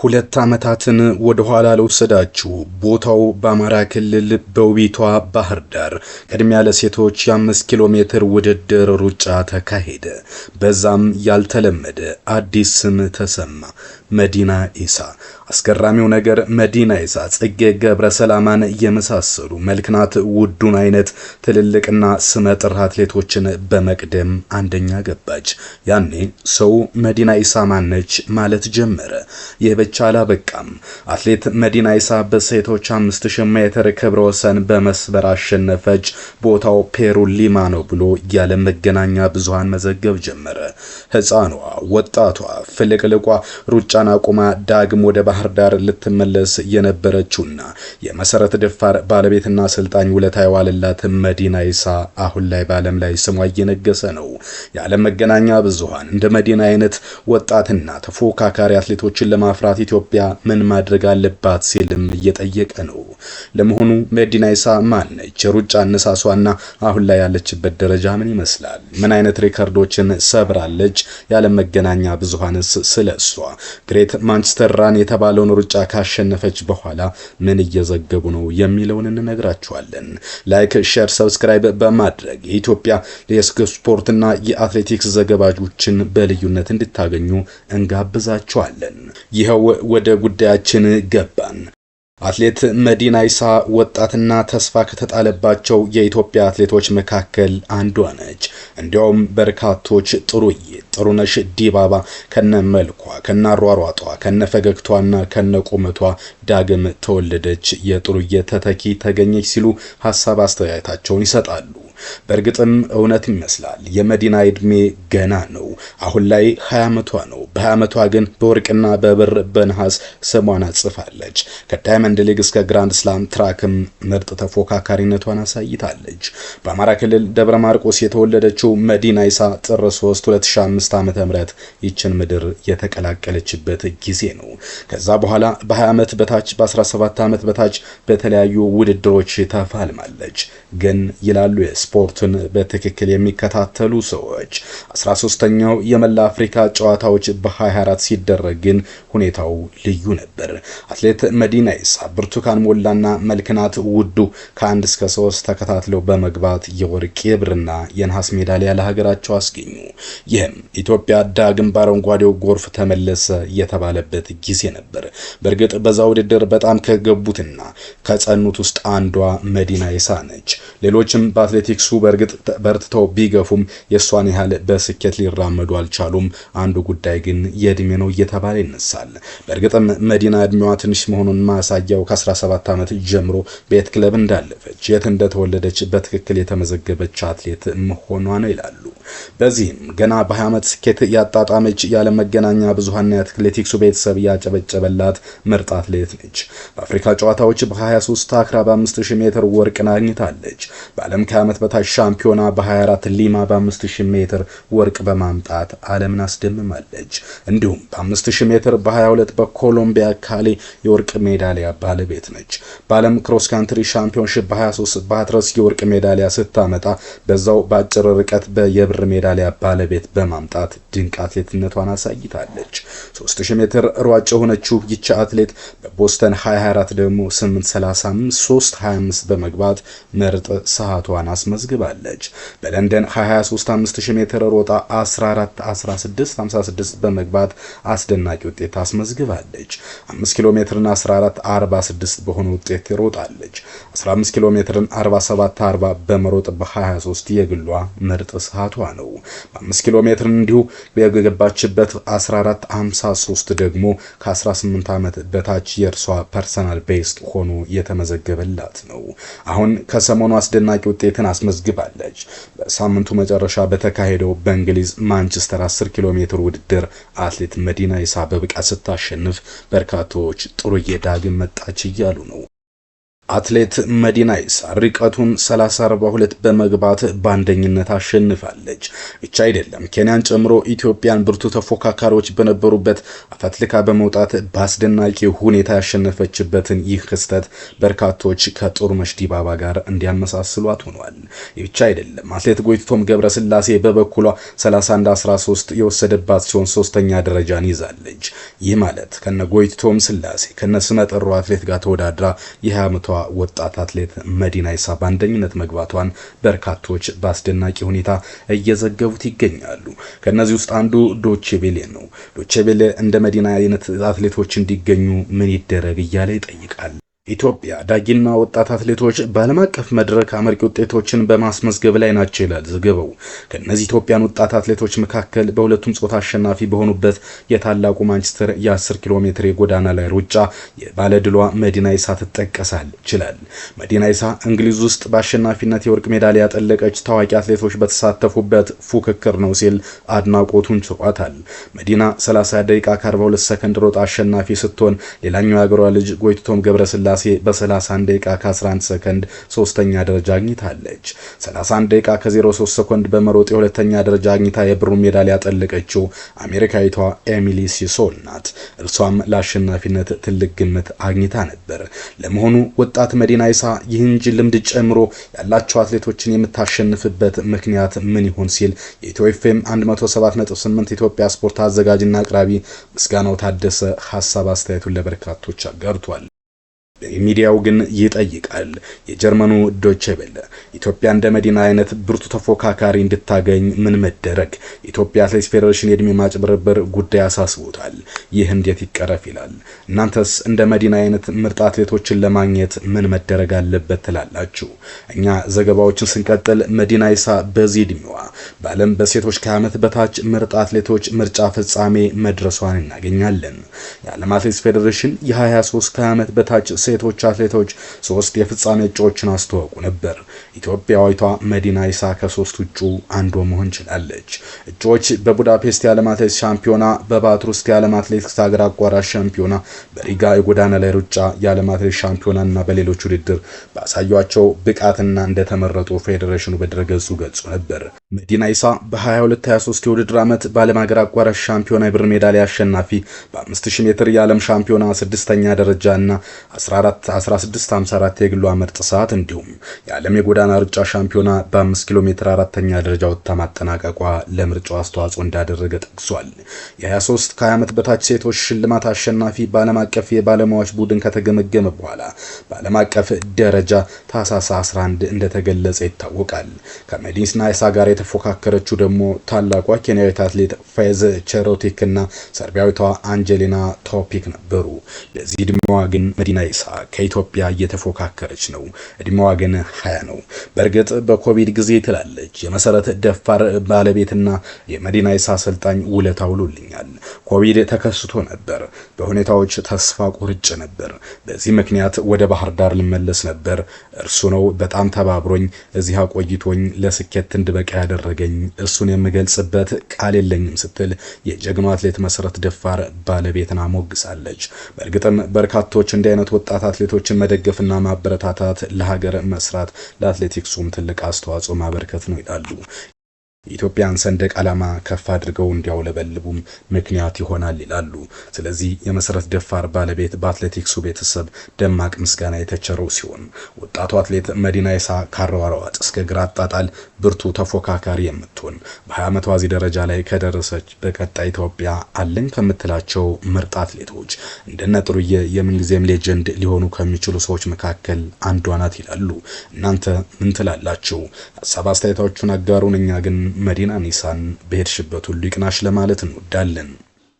ሁለት ዓመታትን ወደ ኋላ ልውሰዳችሁ። ቦታው በአማራ ክልል በውቢቷ ባህር ዳር ቅድሚያ ለሴቶች የአምስት ኪሎ ሜትር ውድድር ሩጫ ተካሄደ። በዛም ያልተለመደ አዲስ ስም ተሰማ። መዲና ኢሳ። አስገራሚው ነገር መዲና ኢሳ ጽጌ ገብረ ሰላማን የመሳሰሉ መልክናት ውዱን አይነት ትልልቅና ስመጥር አትሌቶችን በመቅደም አንደኛ ገባች። ያኔ ሰው መዲና ኢሳ ማነች ማለት ጀመረ። ይህ ብቻ አላበቃም። አትሌት መዲና ኢሳ በሴቶች 5000 ሜትር ክብረ ወሰን በመስበር አሸነፈች። ቦታው ፔሩ ሊማ ነው ብሎ ያለ መገናኛ ብዙሃን መዘገብ ጀመረ። ህፃኗ ወጣቷ፣ ፍልቅልቋ ሩጫ ሩጫን አቁማ ዳግም ወደ ባህር ዳር ልትመለስ የነበረችውና የመሰረት ደፋር ባለቤትና አሰልጣኝ ውለታ የዋለላት መዲና ይሳ አሁን ላይ በዓለም ላይ ስሟ እየነገሰ ነው። የዓለም መገናኛ ብዙሃን እንደ መዲና አይነት ወጣትና ተፎካካሪ አትሌቶችን ለማፍራት ኢትዮጵያ ምን ማድረግ አለባት ሲልም እየጠየቀ ነው። ለመሆኑ መዲና ይሳ ማን ነች? የሩጫ አነሳሷና አሁን ላይ ያለችበት ደረጃ ምን ይመስላል? ምን አይነት ሪከርዶችን ሰብራለች? የዓለም መገናኛ ብዙሃንስ ስለሷ ግሬት ማንቸስተር ራን የተባለውን ሩጫ ካሸነፈች በኋላ ምን እየዘገቡ ነው የሚለውን እንነግራችኋለን። ላይክ፣ ሼር፣ ሰብስክራይብ በማድረግ የኢትዮጵያ ስፖርትና የአትሌቲክስ ዘገባዎችን በልዩነት እንድታገኙ እንጋብዛችኋለን። ይኸው ወደ ጉዳያችን ገባን። አትሌት መዲና ኢሳ ወጣትና ተስፋ ከተጣለባቸው የኢትዮጵያ አትሌቶች መካከል አንዷ ነች። እንዲያውም በርካቶች ጥሩ ጥሩነሽ ዲባባ ከነ መልኳ ከነ አሯሯጧ ከነ ፈገግቷና ከነ ቁመቷ ዳግም ተወለደች፣ የጥሩዬ ተተኪ ተገኘች ሲሉ ሀሳብ አስተያየታቸውን ይሰጣሉ። በእርግጥም እውነት ይመስላል። የመዲና እድሜ ገና ነው። አሁን ላይ 20 ዓመቷ ነው። በ20 ዓመቷ ግን በወርቅና በብር በነሐስ ስሟን አጽፋለች። ከዳይመንድ ሊግ እስከ ግራንድ ስላም ትራክም ምርጥ ተፎካካሪነቷን አሳይታለች። በአማራ ክልል ደብረ ማርቆስ የተወለደችው መዲና ይሳ ጥር 3 2005 ም ይችን ምድር የተቀላቀለችበት ጊዜ ነው። ከዛ በኋላ በ20 ዓመት በታች በ17 ዓመት በታች በተለያዩ ውድድሮች ተፋልማለች። ግን ይላሉ የስፖርቱን በትክክል የሚከታተሉ ሰዎች 13ኛው የመላ አፍሪካ ጨዋታዎች በ24 ሲደረግ ግን ሁኔታው ልዩ ነበር። አትሌት መዲና ኢሳ፣ ብርቱካን ሞላና መልክናት ውዱ ከአንድ እስከ ሶስት ተከታትለው በመግባት የወርቅ የብርና የነሐስ ሜዳሊያ ለሀገራቸው አስገኙ። ይህም ኢትዮጵያ ዳግም በአረንጓዴው ጎርፍ ተመለሰ የተባለበት ጊዜ ነበር። በእርግጥ በዛ ውድድር በጣም ከገቡትና ከጸኑት ውስጥ አንዷ መዲና ኢሳ ነች። ሌሎችም በአትሌቲክሱ በእርግጥ በርትተው ቢገፉም የእሷን ያህል በስኬት ሊራመዱ አልቻሉም። አንዱ ጉዳይ ግን ግን የእድሜ ነው እየተባለ ይነሳል። በእርግጥም መዲና እድሜዋ ትንሽ መሆኑን ማሳያው ከ17 ዓመት ጀምሮ ቤት ክለብ እንዳለፈች፣ የት እንደተወለደች በትክክል የተመዘገበች አትሌት መሆኗ ነው ይላሉ። በዚህም ገና በ20 ዓመት ስኬት ያጣጣመች የዓለም መገናኛ ብዙሃንና የአትሌቲክሱ ቤተሰብ ያጨበጨበላት ምርጥ አትሌት ነች። በአፍሪካ ጨዋታዎች በ23 አክራ በ5000 ሜትር ወርቅን አግኝታለች። በዓለም ከዓመት በታች ሻምፒዮና በ24 ሊማ በ5000 ሜትር ወርቅ በማምጣት ዓለምን አስደምማለች። እንዲሁም በ5000 ሜትር በ22 በኮሎምቢያ ካሌ የወርቅ ሜዳሊያ ባለቤት ነች። በዓለም ክሮስ ካንትሪ ሻምፒዮንሺፕ በ23 በአትረስ የወርቅ ሜዳሊያ ስታመጣ በዛው በአጭር ርቀት በየብር የብር ሜዳሊያ ባለቤት በማምጣት ድንቅ አትሌትነቷን አሳይታለች። 3000 ሜትር ሯጭ የሆነችው ይቺ አትሌት በቦስተን 24 ደግሞ 835 325 በመግባት ምርጥ ሰዓቷን አስመዝግባለች። በለንደን 23 5000 ሜትር ሮጣ 14 16 56 በመግባት አስደናቂ ውጤት አስመዝግባለች። 5 ኪሎ ሜትርን 14 46 በሆነ ውጤት ሮጣለች። 15 ኪሎ ሜትርን 47 40 በመሮጥ በ23 የግሏ ምርጥ ሰዓቷ የተባለው። በአምስት ኪሎ ሜትር እንዲሁ የገባችበት 1453 ደግሞ ከ18 ዓመት በታች የእርሷ ፐርሰናል ቤስት ሆኖ የተመዘገበላት ነው። አሁን ከሰሞኑ አስደናቂ ውጤትን አስመዝግባለች። በሳምንቱ መጨረሻ በተካሄደው በእንግሊዝ ማንቸስተር 10 ኪሎ ሜትር ውድድር አትሌት መዲና ይሳ በብቃት ስታሸንፍ በርካቶች ጥሩዬ ዳግም መጣች እያሉ ነው። አትሌት መዲና ይሳ ርቀቱን 3042 በመግባት በአንደኝነት አሸንፋለች። ብቻ አይደለም ኬንያን ጨምሮ ኢትዮጵያን ብርቱ ተፎካካሪዎች በነበሩበት አፈትልካ በመውጣት በአስደናቂ ሁኔታ ያሸነፈችበትን ይህ ክስተት በርካቶች ከጥሩነሽ ዲባባ ጋር እንዲያመሳስሏት ሆኗል። ብቻ አይደለም አትሌት ጎይትቶም ገብረስላሴ በበኩሏ 3113 የወሰደባት ሲሆን ሶስተኛ ደረጃን ይዛለች። ይህ ማለት ከነ ጎይቶም ስላሴ ከነ ስመጥሩ አትሌት ጋር ተወዳድራ የ20 ዓመቷ ወጣት አትሌት መዲና ይሳ በአንደኝነት መግባቷን በርካቶች በአስደናቂ ሁኔታ እየዘገቡት ይገኛሉ። ከእነዚህ ውስጥ አንዱ ዶቼቤሌ ነው። ዶቼቤሌ እንደ መዲና አይነት አትሌቶች እንዲገኙ ምን ይደረግ እያለ ይጠይቃል። ኢትዮጵያ ዳጊና ወጣት አትሌቶች በዓለም አቀፍ መድረክ አመርቂ ውጤቶችን በማስመዝገብ ላይ ናቸው ይላል ዘገባው። ከእነዚህ ኢትዮጵያን ወጣት አትሌቶች መካከል በሁለቱም ጾታ አሸናፊ በሆኑበት የታላቁ ማንቸስተር የ10 ኪሎ ሜትር የጎዳና ላይ ሩጫ የባለድሏ መዲና ይሳ ትጠቀሳል ይችላል። መዲና ይሳ እንግሊዝ ውስጥ በአሸናፊነት የወርቅ ሜዳሊያ ያጠለቀች ታዋቂ አትሌቶች በተሳተፉበት ፉክክር ነው ሲል አድናቆቱን ችሯታል። መዲና 30 ደቂቃ ከ42 ሰከንድ ሮጣ አሸናፊ ስትሆን ሌላኛው የአገሯ ልጅ ጎይቶም ገብረስላ እንቅስቃሴ በ31 ደቂቃ ከ11 ሰከንድ ሶስተኛ ደረጃ አግኝታለች። 31 ደቂቃ ከ03 ሰኮንድ በመሮጥ የሁለተኛ ደረጃ አግኝታ የብሩን ሜዳሊያ ያጠለቀችው አሜሪካዊቷ ኤሚሊ ሲሶል ናት። እርሷም ለአሸናፊነት ትልቅ ግምት አግኝታ ነበር። ለመሆኑ ወጣት መዲና ይሳ ይህን ልምድ ጨምሮ ያላቸው አትሌቶችን የምታሸንፍበት ምክንያት ምን ይሆን ሲል የኢትዮኤፍኤም 178 ኢትዮጵያ ስፖርት አዘጋጅና አቅራቢ ምስጋናው ታደሰ ሀሳብ አስተያየቱን ለበርካቶች አጋርቷል። ሚዲያው ግን ይጠይቃል። የጀርመኑ ዶቼ ቬለ ኢትዮጵያ እንደ መዲና አይነት ብርቱ ተፎካካሪ እንድታገኝ ምን መደረግ? የኢትዮጵያ አትሌቲክስ ፌዴሬሽን የእድሜ ማጭበርበር ጉዳይ አሳስቦታል። ይህ እንዴት ይቀረፍ ይላል። እናንተስ እንደ መዲና አይነት ምርጥ አትሌቶችን ለማግኘት ምን መደረግ አለበት ትላላችሁ? እኛ ዘገባዎችን ስንቀጥል መዲና ይሳ በዚህ እድሜዋ በዓለም በሴቶች ከዓመት በታች ምርጥ አትሌቶች ምርጫ ፍጻሜ መድረሷን እናገኛለን። የዓለም አትሌቲክስ ፌዴሬሽን የ23 ከዓመት በታች ሴቶች አትሌቶች ሶስት የፍጻሜ እጩዎችን አስተዋውቁ ነበር። ኢትዮጵያዊቷ መዲና ኢሳ ከሶስት ውጩ አንዷ መሆን ችላለች። እጩዎች በቡዳፔስት የዓለም አትሌቲክስ ሻምፒዮና፣ በባትሩስት የዓለም አትሌቲክስ ሀገር አቋራጭ ሻምፒዮና፣ በሪጋ የጎዳና ላይ ሩጫ የዓለም አትሌቲክስ ሻምፒዮና እና በሌሎች ውድድር ባሳዩቸው ብቃትና እንደተመረጡ ፌዴሬሽኑ በድረገጹ ገልጾ ነበር። መዲና ኢሳ በ2223 የውድድር ዓመት በዓለም ሀገር አቋራጭ ሻምፒዮና የብር ሜዳሊያ አሸናፊ በ5000 ሜትር የዓለም ሻምፒዮና ስድስተኛ ደረጃ እና 1654 የግሏ ምርጥ ሰዓት እንዲሁም የዓለም የጎዳና ሩጫ ሻምፒዮና በ5 ኪሎ ሜትር አራተኛ ደረጃ ወጥታ ማጠናቀቋ ለምርጫው አስተዋጽኦ እንዳደረገ ጠቅሷል። የ23 ከ20 ዓመት በታች ሴቶች ሽልማት አሸናፊ በዓለም አቀፍ የባለሙያዎች ቡድን ከተገመገመ በኋላ በዓለም አቀፍ ደረጃ ታህሳስ 11 እንደተገለጸ ይታወቃል። ከመዲና ኢሳ ጋር የተፎካከረችው ደግሞ ታላቋ ኬንያዊት አትሌት ፌዝ ቸሮቲክ እና ሰርቢያዊቷ አንጀሊና ቶፒክ ነበሩ። ለዚህ እድሜዋ ግን መዲና ይሳ ከኢትዮጵያ እየተፎካከረች ነው። እድሜዋ ግን ሀያ ነው። በእርግጥ በኮቪድ ጊዜ ትላለች የመሰረት ደፋር ባለቤትና የመዲና ይሳ አሰልጣኝ ውለታ ውሎልኛል። ኮቪድ ተከስቶ ነበር። በሁኔታዎች ተስፋ ቁርጭ ነበር። በዚህ ምክንያት ወደ ባህር ዳር ልመለስ ነበር። እርሱ ነው በጣም ተባብሮኝ እዚህ አቆይቶኝ ለስኬት እንድበቃ ያደረገኝ እሱን የምገልጽበት ቃል የለኝም ስትል የጀግኖ አትሌት መሰረት ደፋር ባለቤትና ሞግሳለች። በእርግጥም በርካቶች እንዲህ አይነት ወጣት አትሌቶችን መደገፍና ማበረታታት ለሀገር መስራት ለአትሌቲክሱም ትልቅ አስተዋጽኦ ማበርከት ነው ይላሉ። የኢትዮጵያን ሰንደቅ ዓላማ ከፍ አድርገው እንዲያውለበልቡም ምክንያት ይሆናል ይላሉ። ስለዚህ የመሰረት ደፋር ባለቤት በአትሌቲክሱ ቤተሰብ ደማቅ ምስጋና የተቸረው ሲሆን ወጣቱ አትሌት መዲና ይሳ ካረዋረዋጥ እስከ ግራ አጣጣል ብርቱ ተፎካካሪ የምትሆን በ20 ዓመቷ እዚህ ደረጃ ላይ ከደረሰች በቀጣይ ኢትዮጵያ አለኝ ከምትላቸው ምርጥ አትሌቶች እንደነ ጥሩዬ የምንጊዜም ሌጀንድ ሊሆኑ ከሚችሉ ሰዎች መካከል አንዷ ናት ይላሉ። እናንተ ምን ትላላችሁ? ሀሳብ አስተያየታችሁን አጋሩን። እኛ ግን መዲና ኒሳን በሄድሽበት ሁሉ ይቅናሽ ለማለት እንወዳለን።